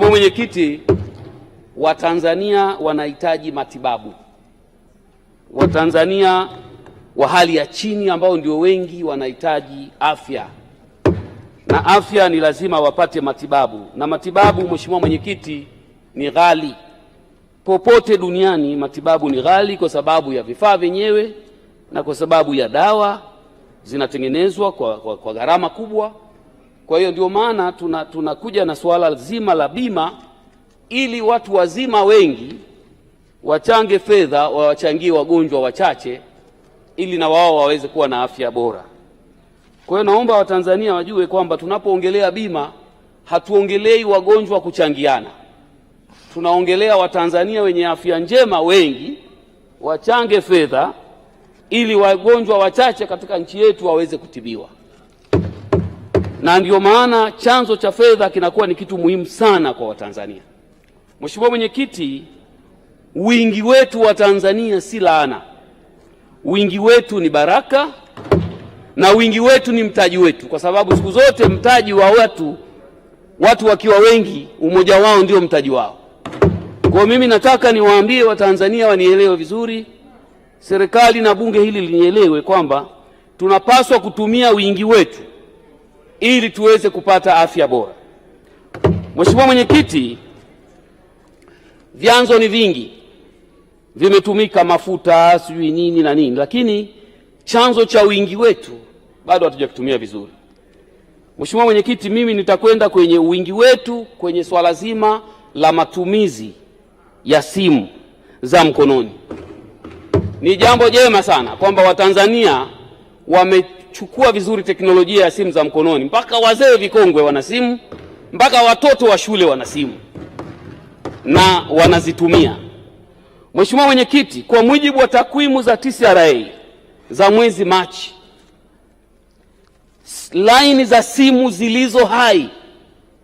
Mheshimiwa Mwenyekiti, Watanzania wanahitaji matibabu. Watanzania wa hali ya chini ambao ndio wengi wanahitaji afya, na afya ni lazima wapate matibabu, na matibabu, Mheshimiwa Mwenyekiti, ni ghali. Popote duniani matibabu ni ghali kwa sababu ya vifaa vyenyewe na kwa sababu ya dawa zinatengenezwa kwa, kwa, kwa gharama kubwa kwa hiyo ndio maana tunakuja tuna na suala zima la bima ili watu wazima wengi wachange fedha wawachangie wagonjwa wachache ili na wao waweze kuwa na afya bora. Kwa hiyo naomba Watanzania wajue kwamba tunapoongelea bima hatuongelei wagonjwa kuchangiana, tunaongelea Watanzania wenye afya njema wengi wachange fedha ili wagonjwa wachache katika nchi yetu waweze kutibiwa na ndio maana chanzo cha fedha kinakuwa ni kitu muhimu sana kwa Watanzania. Mheshimiwa Mwenyekiti, wingi wetu wa Tanzania si laana, wingi wetu ni baraka na wingi wetu ni mtaji wetu, kwa sababu siku zote mtaji wa watu, watu wakiwa wengi, umoja wao ndio mtaji wao. Kwa mimi nataka niwaambie Watanzania wanielewe vizuri, serikali na bunge hili linielewe kwamba tunapaswa kutumia wingi wetu ili tuweze kupata afya bora. Mheshimiwa Mwenyekiti, vyanzo ni vingi, vimetumika mafuta, sijui nini na nini, lakini chanzo cha wingi wetu bado hatujakitumia vizuri. Mheshimiwa Mwenyekiti, mimi nitakwenda kwenye wingi wetu kwenye swala zima la matumizi ya simu za mkononi. Ni jambo jema sana kwamba Watanzania wame tumeichukua vizuri teknolojia ya simu za mkononi, mpaka wazee vikongwe wana simu, mpaka watoto wa shule wana simu na wanazitumia. Mheshimiwa Mwenyekiti, kwa mujibu wa takwimu za TCRA za mwezi Machi, laini za simu zilizo hai,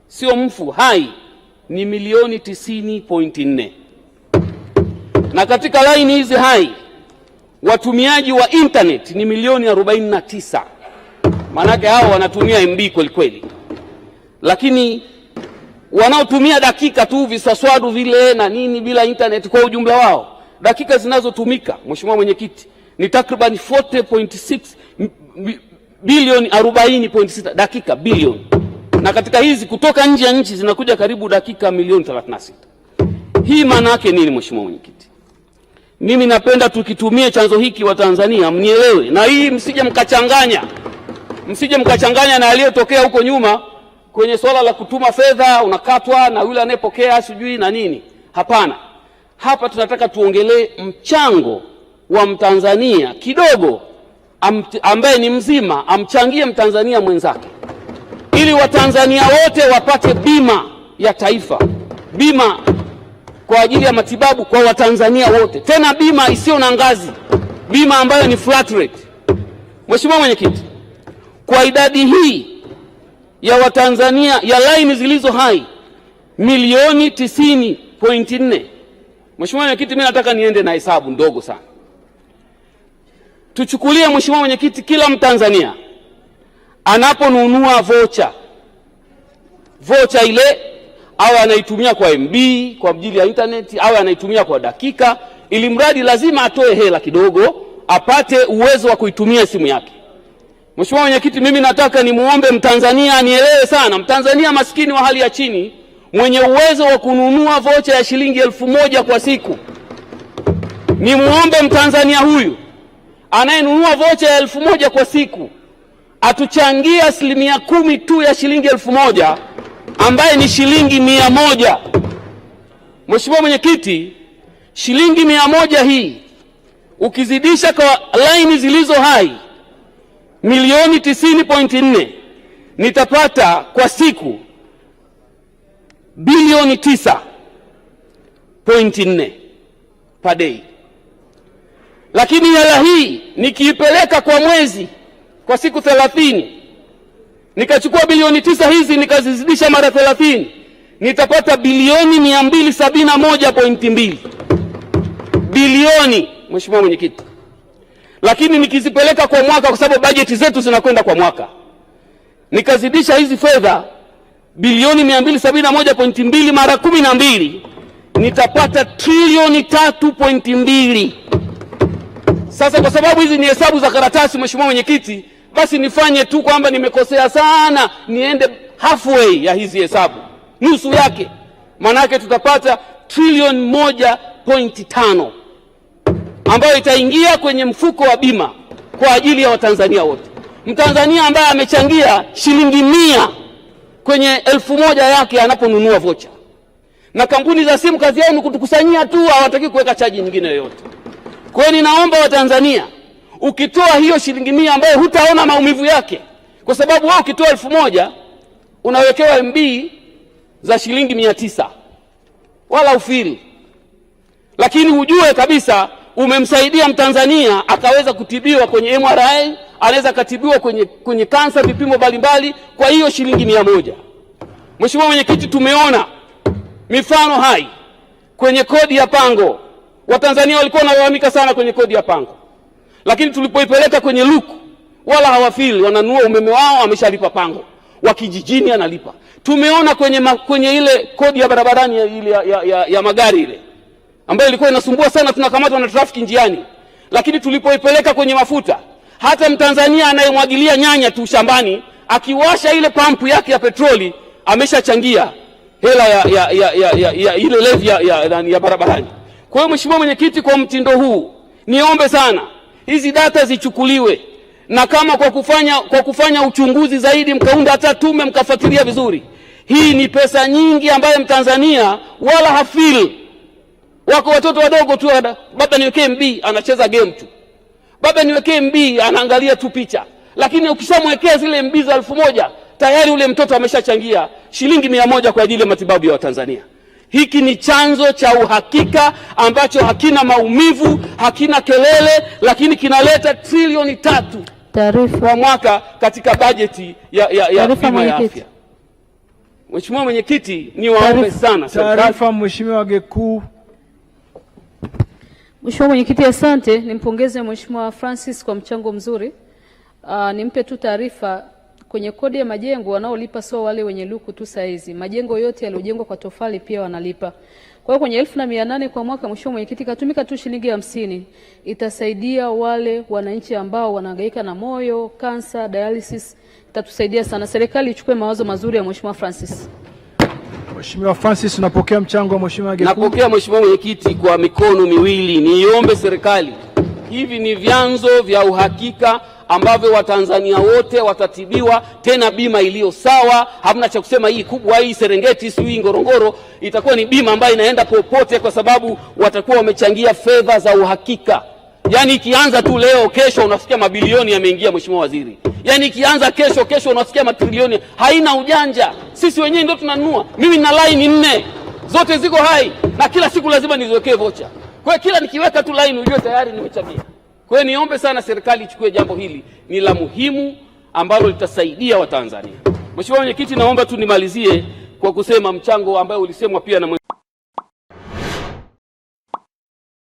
sio mfu, hai ni milioni 90.4 na katika laini hizi hai watumiaji wa internet ni milioni 49. Maanake hao wanatumia MB kweli kweli, lakini wanaotumia dakika tu viswaswadu vile na nini bila internet, kwa ujumla wao dakika zinazotumika, Mheshimiwa Mwenyekiti, ni takriban 40.6 bilioni 40.6 dakika bilioni, na katika hizi kutoka nje ya nchi zinakuja karibu dakika milioni 36. Hii maana yake nini, Mheshimiwa Mwenyekiti? Mimi napenda tukitumie chanzo hiki wa Tanzania, mnielewe na hii, msije mkachanganya, msije mkachanganya na aliyotokea huko nyuma kwenye swala la kutuma fedha unakatwa na yule anayepokea sijui na nini. Hapana, hapa tunataka tuongelee mchango wa Mtanzania kidogo ambaye ni mzima, amchangie Mtanzania mwenzake ili Watanzania wote wapate bima ya taifa, bima kwa ajili ya matibabu kwa Watanzania wote, tena bima isiyo na ngazi, bima ambayo ni flat rate. Mheshimiwa Mwenyekiti, kwa idadi hii ya Watanzania ya laini zilizo hai milioni 90.4. Mheshimiwa Mwenyekiti, mimi nataka niende na hesabu ndogo sana. Tuchukulie Mheshimiwa Mwenyekiti, kila Mtanzania anaponunua vocha vocha ile awe anaitumia kwa MB kwa ajili ya intaneti awe anaitumia kwa dakika, ili mradi lazima atoe hela kidogo apate uwezo wa kuitumia simu yake. Mheshimiwa Mwenyekiti, mimi nataka nimuombe Mtanzania anielewe sana, Mtanzania maskini wa hali ya chini mwenye uwezo wa kununua vocha ya shilingi elfu moja kwa siku, nimuombe Mtanzania huyu anayenunua vocha ya elfu moja kwa siku atuchangie asilimia kumi tu ya shilingi elfu moja ambaye ni shilingi mia moja. Mheshimiwa Mwenyekiti, shilingi mia moja hii ukizidisha kwa laini zilizo hai milioni 90.4 nitapata kwa siku bilioni 9.4 per day, lakini hela hii nikiipeleka kwa mwezi kwa siku thelathini nikachukua bilioni tisa hizi nikazizidisha mara thelathini nitapata bilioni mia mbili sabini na moja pointi mbili bilioni, Mheshimiwa Mwenyekiti. Lakini nikizipeleka kwa mwaka, kwa sababu bajeti zetu zinakwenda kwa mwaka, nikazidisha hizi fedha bilioni mia mbili sabini na moja pointi mbili mara kumi na mbili nitapata trilioni tatu pointi mbili. Sasa kwa sababu hizi ni hesabu za karatasi, Mheshimiwa Mwenyekiti basi nifanye tu kwamba nimekosea sana, niende halfway ya hizi hesabu, nusu yake, maanake tutapata trilioni moja pointi tano ambayo itaingia kwenye mfuko wa bima kwa ajili ya Watanzania wote. Mtanzania ambaye amechangia shilingi mia kwenye elfu moja yake anaponunua vocha. Na kampuni za simu kazi yao ni kutukusanyia tu, hawataki kuweka chaji nyingine yoyote. Kwa hiyo ninaomba Watanzania Ukitoa hiyo shilingi mia ambayo hutaona maumivu yake, kwa sababu wewe ukitoa elfu moja unawekewa MB za shilingi mia tisa wala ufiri, lakini ujue kabisa umemsaidia Mtanzania akaweza kutibiwa kwenye MRI, anaweza akatibiwa kwenye, kwenye kansa, vipimo mbalimbali kwa hiyo shilingi mia moja. Mheshimiwa Mwenyekiti, tumeona mifano hai kwenye kodi ya pango. Watanzania walikuwa wanalalamika sana kwenye kodi ya pango. Lakini tulipoipeleka kwenye luku, wala hawafili, wananua umeme wao, ameshalipa pango wa kijijini analipa. Tumeona kwenye, ma, kwenye ile kodi ya barabarani ya, ile, ya, ya, ya magari ile ambayo ilikuwa inasumbua sana, tunakamatwa na trafiki njiani. Lakini tulipoipeleka kwenye mafuta, hata mtanzania anayemwagilia nyanya tu shambani akiwasha ile pampu yake ya petroli ameshachangia hela ya, ya, ya, ya, ya, ya ile levi ya, ya, ya barabarani. Kwa hiyo Mheshimiwa Mwenyekiti, kwa mtindo huu niombe sana hizi data zichukuliwe, na kama kwa kufanya, kwa kufanya uchunguzi zaidi mkaunda hata tume mkafuatilia vizuri. Hii ni pesa nyingi ambayo mtanzania wala hafil Wako watoto wadogo tu, baba niwekee MB, anacheza game tu, baba niwekee MB, anaangalia tu picha. Lakini ukishamwekea zile MB za elfu moja tayari ule mtoto ameshachangia shilingi mia moja kwa ajili ya matibabu ya Watanzania. Hiki ni chanzo cha uhakika ambacho hakina maumivu, hakina kelele, lakini kinaleta trilioni tatu kwa mwaka katika bajeti ya, ya, ya bima ya afya. Mheshimiwa Mwenyekiti, ni waombe sana taarifa. Mheshimiwa Gekuu. Mheshimiwa Mwenyekiti, asante. Nimpongeze Mheshimiwa Francis kwa mchango mzuri. Uh, nimpe tu taarifa kwenye kodi ya majengo wanaolipa sio wale wenye luku tu saizi, majengo yote yaliyojengwa kwa tofali pia wanalipa. Kwa hiyo kwenye elfu na mia nane kwa mwaka, mheshimiwa mwenyekiti, katumika tu shilingi hamsini, itasaidia wale wananchi ambao wanahangaika na moyo, kansa, dialysis, itatusaidia sana. Serikali ichukue mawazo mazuri ya mheshimiwa Francis. Mheshimiwa Francis, unapokea mchango wa mheshimiwa Gekuru? Napokea mheshimiwa mwenyekiti kwa mikono miwili. Niombe serikali, hivi ni vyanzo vya uhakika ambavyo Watanzania wote watatibiwa, tena bima iliyo sawa. Hamna cha kusema hii kubwa, hii Serengeti, si hii Ngorongoro, itakuwa ni bima ambayo inaenda popote, kwa sababu watakuwa wamechangia fedha za uhakika. Yaani ikianza tu leo, kesho unasikia mabilioni yameingia, Mheshimiwa Waziri. Yaani ikianza kesho, kesho unasikia matrilioni. Haina ujanja, sisi wenyewe ndio tunanunua. Mimi nina line nne, zote ziko hai na kila siku lazima niziwekee vocha. Kwa hiyo kila nikiweka tu line, ujue tayari nimechangia. Kwa hiyo niombe sana serikali ichukue jambo hili, ni la muhimu ambalo litasaidia Watanzania. Mheshimiwa Mwenyekiti, naomba tu nimalizie kwa kusema mchango ambao ulisemwa pia na